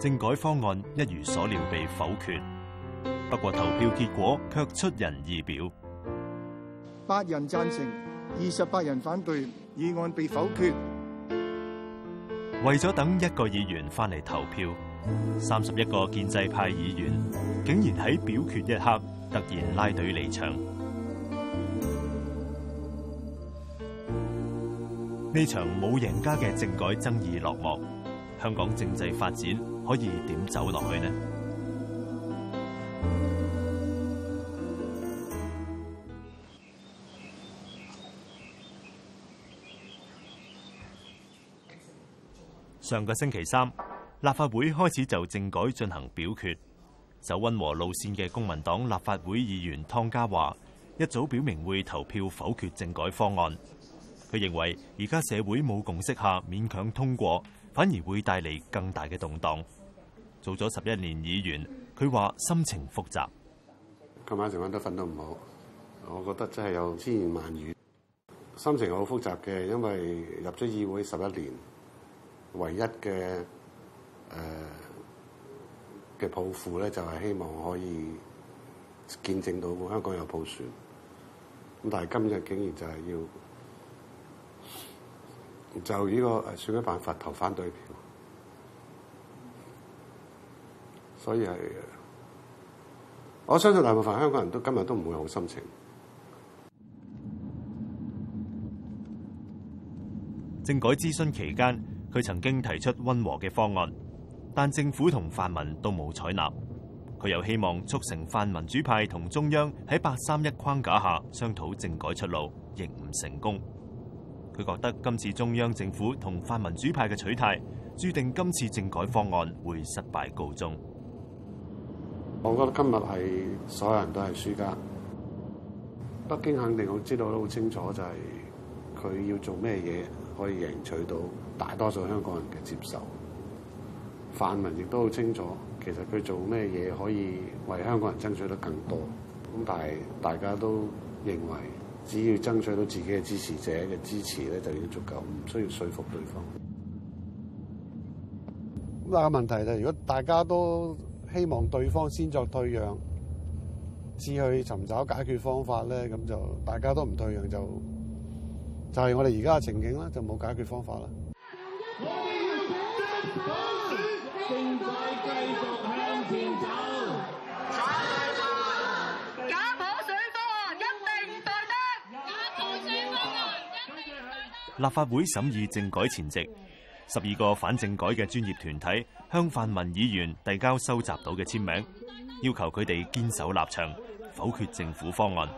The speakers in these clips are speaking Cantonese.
政改方案一如所料被否決，不過投票結果卻出人意表，八人贊成，二十八人反對，議案被否決。為咗等一個議員翻嚟投票，三十一個建制派議員竟然喺表決一刻突然拉隊離場。呢場冇贏家嘅政改爭議落幕，香港政制發展。可以點走落去呢？上個星期三，立法會開始就政改進行表決。走温和路線嘅公民黨立法會議員湯家驊一早表明會投票否決政改方案。佢認為而家社會冇共識下勉強通過，反而會帶嚟更大嘅動盪。做咗十一年議員，佢話心情複雜。今晚成晚都瞓得唔好，我覺得真係有千言萬語，心情好複雜嘅，因為入咗議會十一年，唯一嘅誒嘅抱負咧就係希望可以見證到香港有普選。咁但係今日竟然就係要就呢個誒，算係辦法投反對所以係，我相信大部分香港人都今日都唔會好心情。政改諮詢期間，佢曾經提出溫和嘅方案，但政府同泛民都冇採納。佢又希望促成泛民主派同中央喺八三一框架下商討政改出路，亦唔成功。佢覺得今次中央政府同泛民主派嘅取態，注定今次政改方案會失敗告終。我覺得今日係所有人都係輸家。北京肯定好知道都好清楚，就係佢要做咩嘢可以贏取到大多數香港人嘅接受。泛民亦都好清楚，其實佢做咩嘢可以為香港人爭取得更多。咁但係大家都認為，只要爭取到自己嘅支持者嘅支持咧，就已經足夠，唔需要說服對方。咁但係個問題就係，如果大家都希望對方先作退讓，至去尋找解決方法咧，咁就大家都唔退讓，就就係我哋而家嘅情景啦，就冇解決方法啦。立法會審議政改前夕。十二個反政改嘅專業團體向泛民議員遞交收集到嘅簽名，要求佢哋堅守立場，否決政府方案。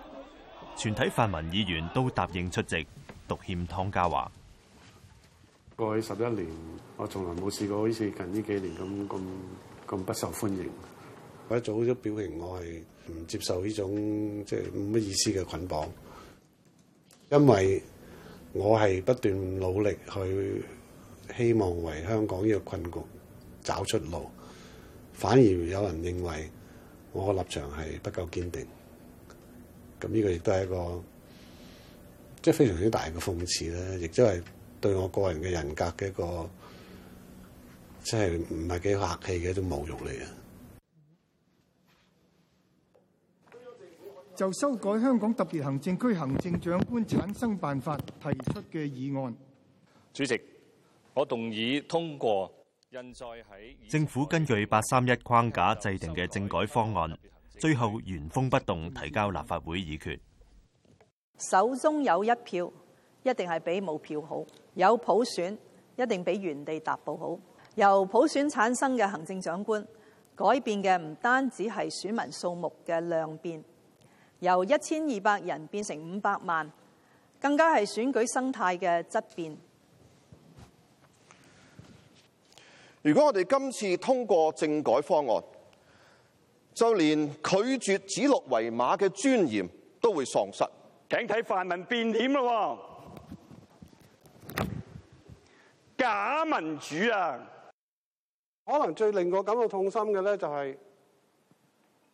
全體泛民議員都答應出席，獨欠湯家驊。過去十一年，我從來冇試過好似近呢幾年咁咁咁不受歡迎。我一早都表明，我係唔接受呢種即係冇乜意思嘅捆綁，因為我係不斷努力去。希望為香港呢個困局找出路，反而有人認為我個立場係不夠堅定，咁呢個亦都係一個即係、就是、非常之大嘅諷刺啦，亦都係對我個人嘅人格嘅一個即係唔係幾客氣嘅一種侮辱嚟嘅。就修改香港特別行政區行政長官產生辦法提出嘅議案，主席。我動議通過現在以政府根據八三一框架制定嘅政改方案，最後原封不動提交立法會議決。手中有一票，一定係比冇票好；有普選，一定比原地踏步好。由普選產生嘅行政長官，改變嘅唔單止係選民數目嘅量變，由一千二百人變成五百萬，更加係選舉生態嘅質變。如果我哋今次通過政改方案，就連拒絕指鹿為馬嘅尊嚴都會喪失。請睇泛民變臉咯，假民主啊！可能最令我感到痛心嘅咧，就係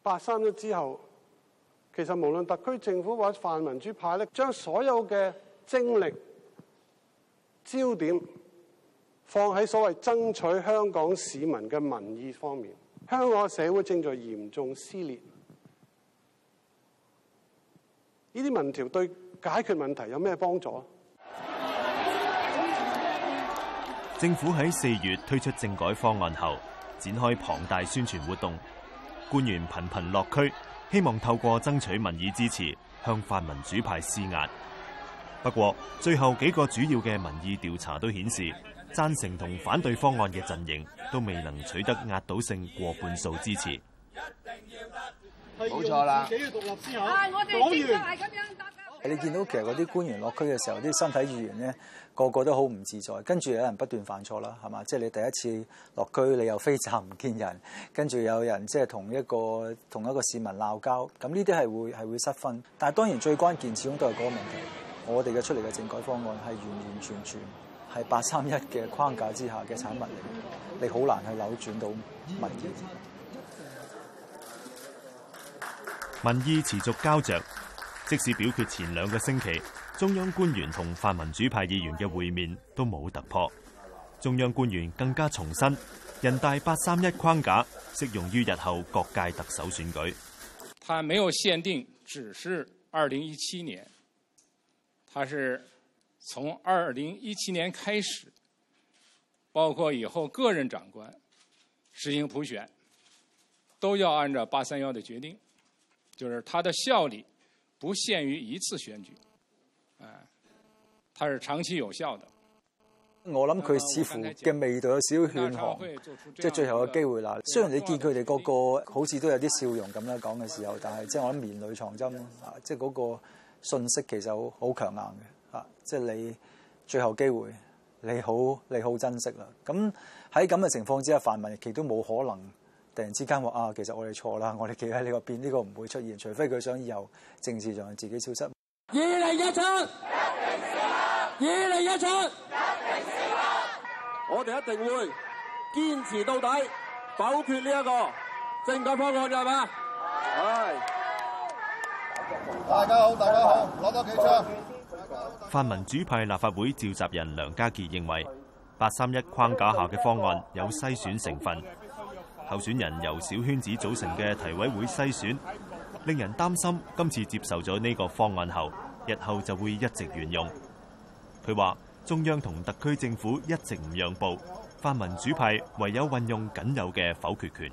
八三一之後，其實無論特區政府或者泛民主派咧，將所有嘅精力焦點，放喺所謂爭取香港市民嘅民意方面，香港社會正在嚴重撕裂。呢啲民調對解決問題有咩幫助啊？政府喺四月推出政改方案後，展開龐大宣傳活動，官員頻頻落區，希望透過爭取民意支持，向泛民主派施壓。不過，最後幾個主要嘅民意調查都顯示，贊成同反對方案嘅陣營都未能取得壓倒性過半數支持。一定要得，冇錯啦，我哋咁樣，你見到其實嗰啲官員落區嘅時候，啲身體語言咧，個個都好唔自在，跟住有人不斷犯錯啦，係嘛？即係你第一次落區，你又飛站唔見人，跟住有人即係同一個同一個市民鬧交，咁呢啲係會係會失分。但係當然最關鍵始終都係嗰個問題，我哋嘅出嚟嘅政改方案係完完全全。係八三一嘅框架之下嘅產物嚟，你好難去扭轉到民意。民，民意持續膠着。即使表決前兩個星期，中央官員同泛民主派議員嘅會面都冇突破。中央官員更加重申，人大八三一框架適用於日後各屆特首選舉。他沒有限定，只是二零一七年，他是。從二零一七年開始，包括以後各任長官實行普選，都要按照八三一的決定，就是它的效力不限於一次選舉，哎、啊，它是長期有效的。我諗佢似乎嘅味道有少少勸降，即、就、係、是、最後嘅機會啦。雖然你見佢哋個個好似都有啲笑容咁樣講嘅時候，但係即係我諗綿裏藏針啊，即係嗰個信息其實好好強硬嘅。即係你最後機會，你好，你好珍惜啦。咁喺咁嘅情況之下，泛民亦都冇可能突然之間話啊，其實我哋錯啦，我哋企喺你個邊呢個唔會出現，除非佢想以後政治上自己消失。二零一七，一定成功！二零一七，一定成功！我哋一定會堅持到底，否決呢一個政改方案嘅係咪啊？係。大家好，大家好，攞多幾張泛民主派立法會召集人梁家傑認為，八三一框架下嘅方案有篩選成分，候選人由小圈子組成嘅提委會篩選，令人擔心今次接受咗呢個方案後，日後就會一直沿用。佢話中央同特區政府一直唔讓步，泛民主派唯有運用僅有嘅否決權。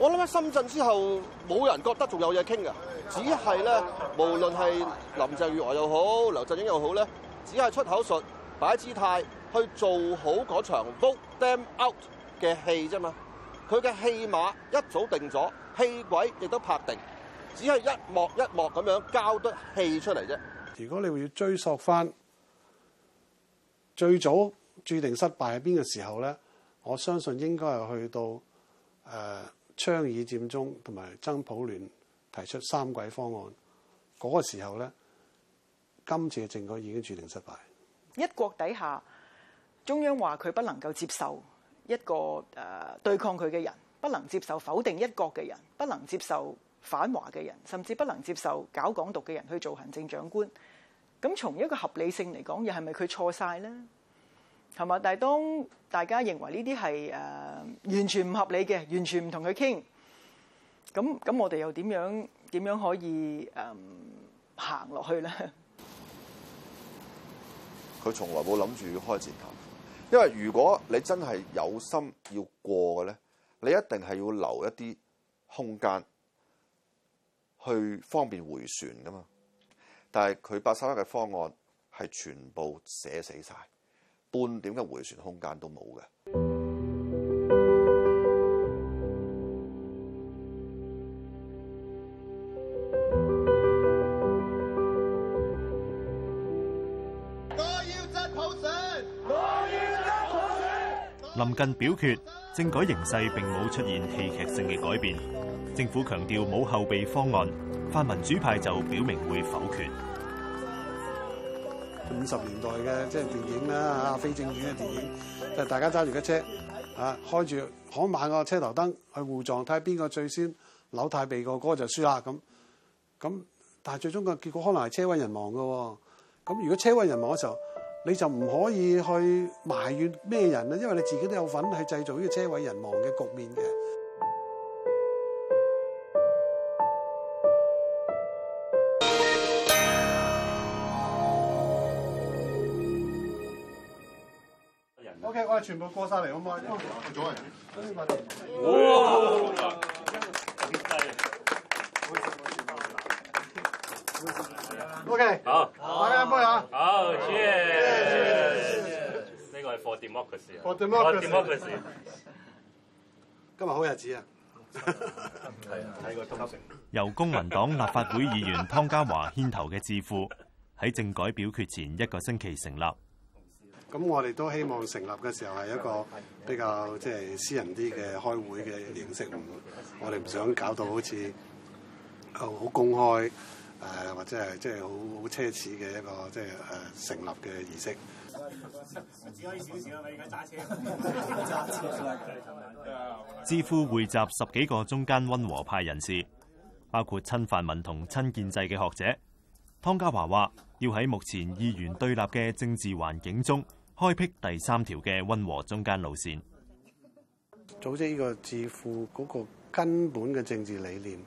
我諗喺深圳之後，冇人覺得仲有嘢傾㗎。只係咧，無論係林鄭月娥又好，梁振英又好咧，只係出口術、擺姿態去做好嗰場 vote them out 嘅戲啫嘛。佢嘅戲碼一早定咗，戲軌亦都拍定，只係一幕一幕咁樣交得戲出嚟啫。如果你要追溯翻最早注定失敗喺邊嘅時候咧，我相信應該係去到誒、呃倡議佔中同埋真普聯提出三軌方案嗰、那個時候咧，今次嘅政改已經注定失敗。一國底下，中央話佢不能夠接受一個誒、呃、對抗佢嘅人，不能接受否定一國嘅人，不能接受反華嘅人，甚至不能接受搞港獨嘅人去做行政長官。咁從一個合理性嚟講，又係咪佢錯晒呢？係嘛？但係當大家認為呢啲係誒、完全唔合理嘅，完全唔同佢傾，咁咁，那那我哋又點樣點樣可以誒、行落去咧？佢從來冇諗住開戰談，因為如果你真係有心要過嘅咧，你一定係要留一啲空間去方便回旋噶嘛。但係佢八三一嘅方案係全部寫死晒。半點嘅回旋空間都冇嘅。我臨近表決，政改形勢並冇出現戲劇性嘅改變。政府強調冇後備方案，泛民主派就表明會否決。五十年代嘅即係電影啦嚇，非正片嘅電影，就係大家揸住架車，嚇，開住可猛個車頭燈去互撞，睇下邊個最先扭太鼻個個就輸啦咁。咁但係最終嘅結果可能係車毀人亡嘅喎。咁如果車毀人亡嘅時候，你就唔可以去埋怨咩人咧，因為你自己都有份去製造呢個車毀人亡嘅局面嘅。全部過曬嚟，好買咗啊！OK，好，Cheers！呢個係 For Democracy 啊！For Democracy！好好，今日好日子啊！由公民黨立法會議員湯家驊牽頭嘅智庫喺政改表決前一個星期成立。咁我哋都希望成立嘅時候係一個比較即係私人啲嘅開會嘅形式，我哋唔想搞到好似好公開，誒或者係即係好好奢侈嘅一個即係誒成立嘅儀式小小的。我現在 知乎，匯集十幾個中間溫和派人士，包括親泛民同親建制嘅學者。湯家驊話：要喺目前議員對立嘅政治環境中，開闢第三條嘅温和中間路線，組織呢個智庫嗰個根本嘅政治理念，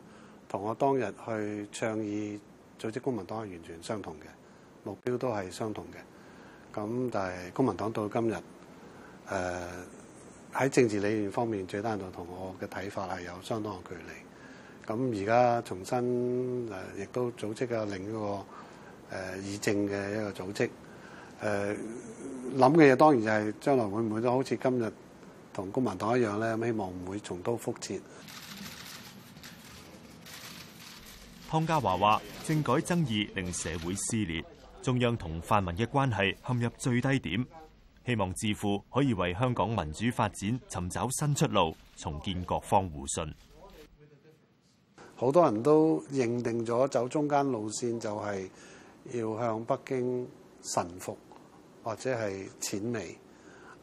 同我當日去倡議組織公民黨係完全相同嘅，目標都係相同嘅。咁但係公民黨到今日，誒喺政治理念方面，最單獨同我嘅睇法係有相當嘅距離。咁而家重新誒，亦都組織咗另一個誒議政嘅一個組織。誒諗嘅嘢，當然就係將來會唔會都好似今日同公民黨一樣咧？希望唔會重蹈覆轍。湯家驊話：政改爭議令社會撕裂，中央同泛民嘅關係陷入最低點。希望智庫可以為香港民主發展尋找新出路，重建各方互信。好多人都認定咗走中間路線，就係要向北京臣服。或者係淺微，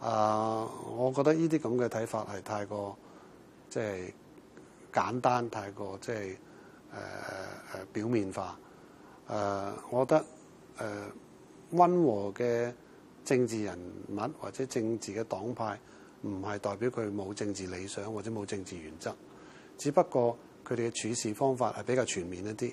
啊、呃，我覺得呢啲咁嘅睇法係太過即係、就是、簡單，太過即係誒誒表面化。誒、呃，我覺得誒溫、呃、和嘅政治人物或者政治嘅黨派，唔係代表佢冇政治理想或者冇政治原則，只不過佢哋嘅處事方法係比較全面一啲。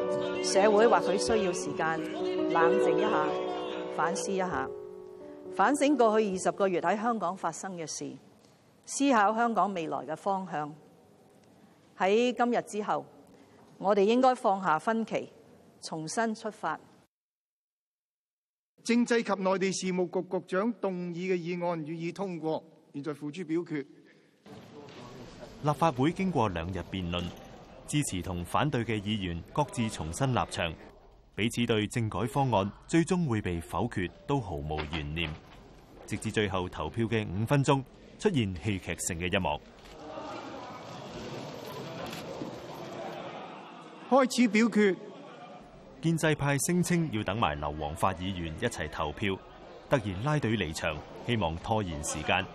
社會或許需要時間，冷靜一下，反思一下，反省過去二十個月喺香港發生嘅事，思考香港未來嘅方向。喺今日之後，我哋應該放下分歧，重新出發。政制及內地事務局局長動議嘅議案予以通過，現在付諸表決。立法會經過兩日辯論。支持同反對嘅議員各自重新立場，彼此對政改方案最終會被否決都毫無懸念。直至最後投票嘅五分鐘，出現戲劇性嘅一幕。開始表決，建制派聲稱要等埋劉皇發議員一齊投票，突然拉隊離場，希望拖延時間。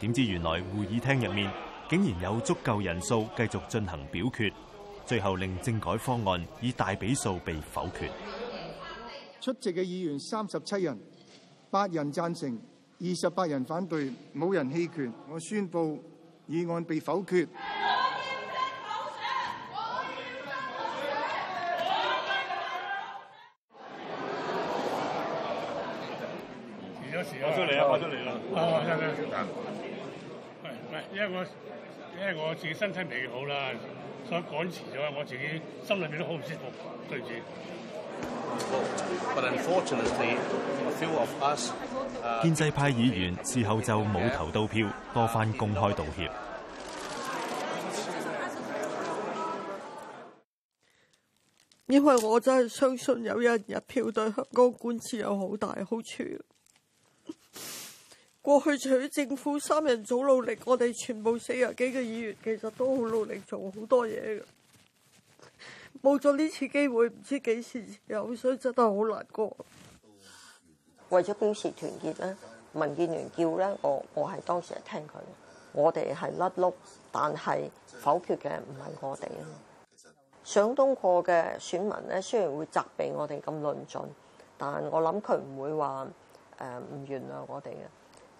點知原來會議廳入面。竟然有足夠人數繼續進行表決，最後令政改方案以大比數被否決。出席嘅議員三十七人，八人贊成，二十八人反對，冇人棄權。我宣布議案被否決。自己身體未好啦，所以趕遲咗。我自己心裏面都好唔舒服，對唔住。建制派議員事後就冇投到票，多番公開道歉。因為我真係相信有一日票對香港管治有好大好處。過去除咗政府三人組努力，我哋全部四十幾個議員其實都好努力做，做好多嘢嘅。冇咗呢次機會，唔知幾時有，所以真係好難過。為咗表示團結咧，民建聯叫咧，我我係當時係聽佢。我哋係甩碌，但係否決嘅唔係我哋啊。上當過嘅選民咧，雖然會責備我哋咁論盡，但我諗佢唔會話呃、唔原諒我哋嘅。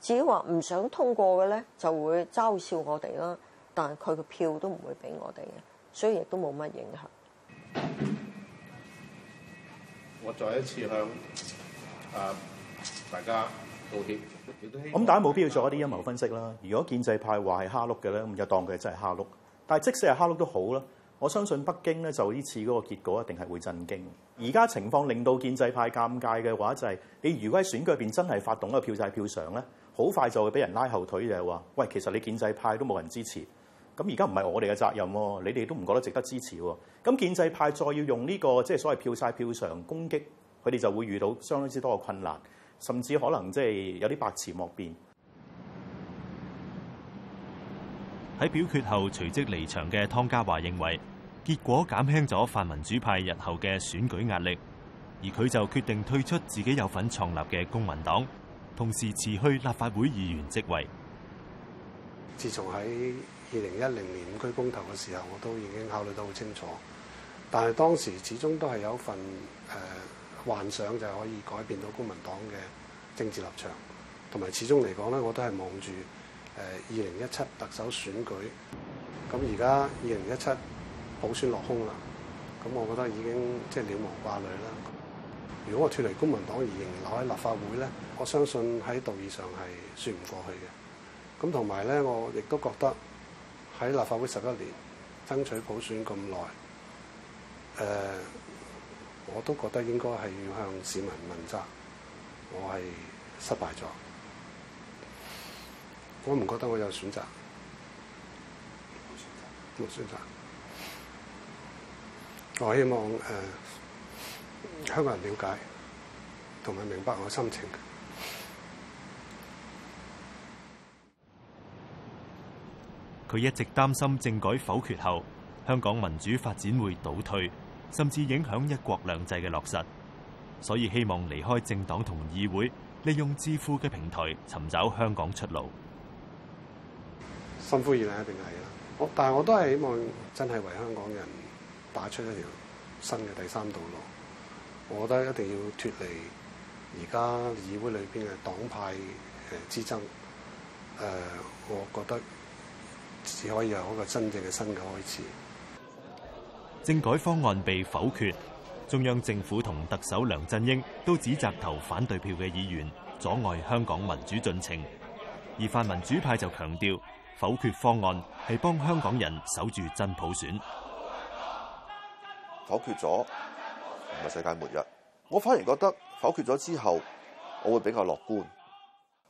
至於話唔想通過嘅咧，就會嘲笑我哋啦。但係佢嘅票都唔會俾我哋嘅，所以亦都冇乜影響。我再一次向啊大家道歉。咁大家冇必要做一啲陰謀分析啦。如果建制派話係蝦碌嘅咧，咁就當佢真係蝦碌。但係即使係蝦碌都好啦，我相信北京咧就呢次嗰個結果一定係會震驚。而家情況令到建制派尷尬嘅話，就係、是、你如果喺選舉入邊真係發動一個票債票償咧。好快就會俾人拉後腿，就係話：喂，其實你建制派都冇人支持，咁而家唔係我哋嘅責任喎，你哋都唔覺得值得支持喎。咁建制派再要用呢、這個即係、就是、所謂票債票償攻擊，佢哋就會遇到相當之多嘅困難，甚至可能即係有啲百辭莫辯。喺表決後隨即離場嘅湯家驊認為，結果減輕咗泛民主派日後嘅選舉壓力，而佢就決定退出自己有份創立嘅公民黨。同時辭去立法會議員職位。自從喺二零一零年五區公投嘅時候，我都已經考慮得好清楚，但係當時始終都係有一份誒、呃、幻想，就係可以改變到公民黨嘅政治立場。同埋始終嚟講咧，我都係望住誒二零一七特首選舉。咁而家二零一七普選落空啦，咁我覺得已經即係了無掛慮啦。如果我脱離公民黨而仍留喺立法會咧，我相信喺道義上係説唔過去嘅。咁同埋咧，我亦都覺得喺立法會十一年爭取普選咁耐，誒、呃、我都覺得應該係要向市民問責。我係失敗咗，我唔覺得我有選擇，冇選擇。我希望誒、呃香港人了解同埋明白我心情？佢一直擔心政改否決後，香港民主發展會倒退，甚至影響一國兩制嘅落實，所以希望離開政黨同議會，利用智庫嘅平台尋找香港出路。辛苦而嚟一定係啊！我但係我都係希望真係為香港人打出一條新嘅第三道路。我覺得一定要脫離而家議會裏面嘅黨派誒之爭，誒，我覺得只可以有一個真正嘅新嘅開始。政改方案被否決，中央政府同特首梁振英都指責投反對票嘅議員阻礙香港民主進程，而泛民主派就強調否決方案係幫香港人守住真普選。否決咗。同埋世界末日，我反而覺得否決咗之後，我會比較樂觀，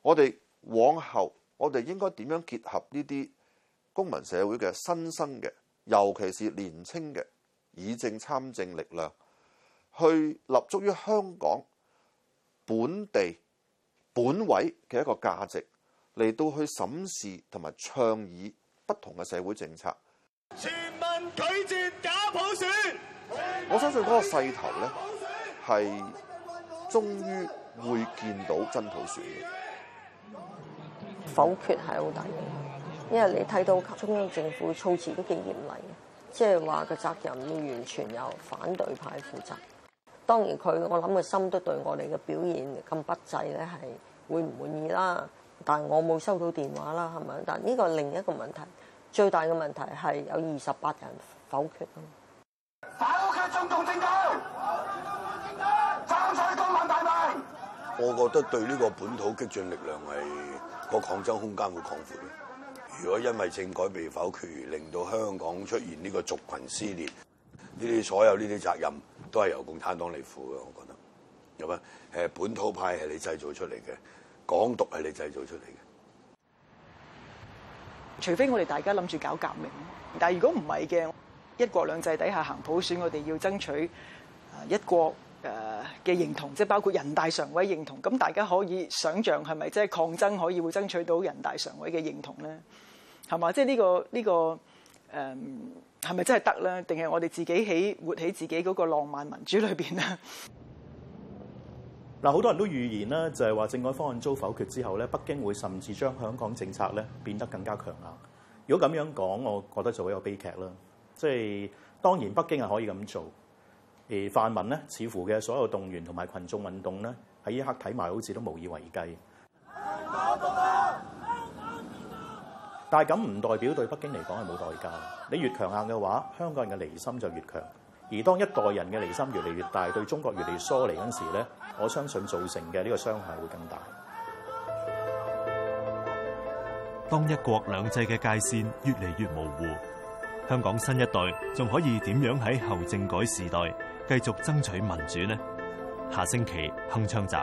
我哋往後我哋應該點樣結合呢啲公民社會嘅新生嘅，尤其是年青嘅議政參政力量，去立足於香港本地本位嘅一個價值嚟到去審視同埋倡議不同嘅社會政策。全民拒絕假普選。我相信嗰個勢頭咧，係終於會見到真普選嘅。否決係好大嘅，因為你睇到中央政府措辭都幾嚴厲，即係話個責任要完全由反對派負責。當然佢我諗佢心都對我哋嘅表現咁不濟咧，係會唔滿意啦。但係我冇收到電話啦，係咪？但呢個另一個問題，最大嘅問題係有二十八人否決啊。動政改，爭取公民提名。我覺得對呢個本土激進力量係、那個抗爭空間會擴闊。如果因為政改被否決，令到香港出現呢個族群撕裂，呢啲所有呢啲責任都係由共產黨嚟負嘅。我覺得，有乜？誒，本土派係你製造出嚟嘅，港獨係你製造出嚟嘅。除非我哋大家諗住搞革命，但係如果唔係嘅。一國兩制底下行普選，我哋要爭取一國誒嘅認同，即係包括人大常委認同。咁大家可以想像係咪即係抗爭可以會爭取到人大常委嘅認同咧？係嘛？即係、這個這個嗯、呢個呢個誒係咪真係得咧？定係我哋自己喺活喺自己嗰個浪漫民主裏邊咧？嗱，好多人都預言啦，就係、是、話政改方案遭否決之後咧，北京會甚至將香港政策咧變得更加強硬。如果咁樣講，我覺得就會有悲劇啦。即係當然，北京係可以咁做。而泛民呢，似乎嘅所有動員同埋群眾運動呢，喺一刻睇埋好似都無以為繼。但係咁唔代表對北京嚟講係冇代價。你越強硬嘅話，香港人嘅離心就越強。而當一代人嘅離心越嚟越大，對中國越嚟越疏離嗰陣時呢，我相信造成嘅呢個傷害會更大。當一國兩制嘅界線越嚟越模糊。香港新一代仲可以點樣喺後政改時代繼續爭取民主呢？下星期《鏗鏘集》。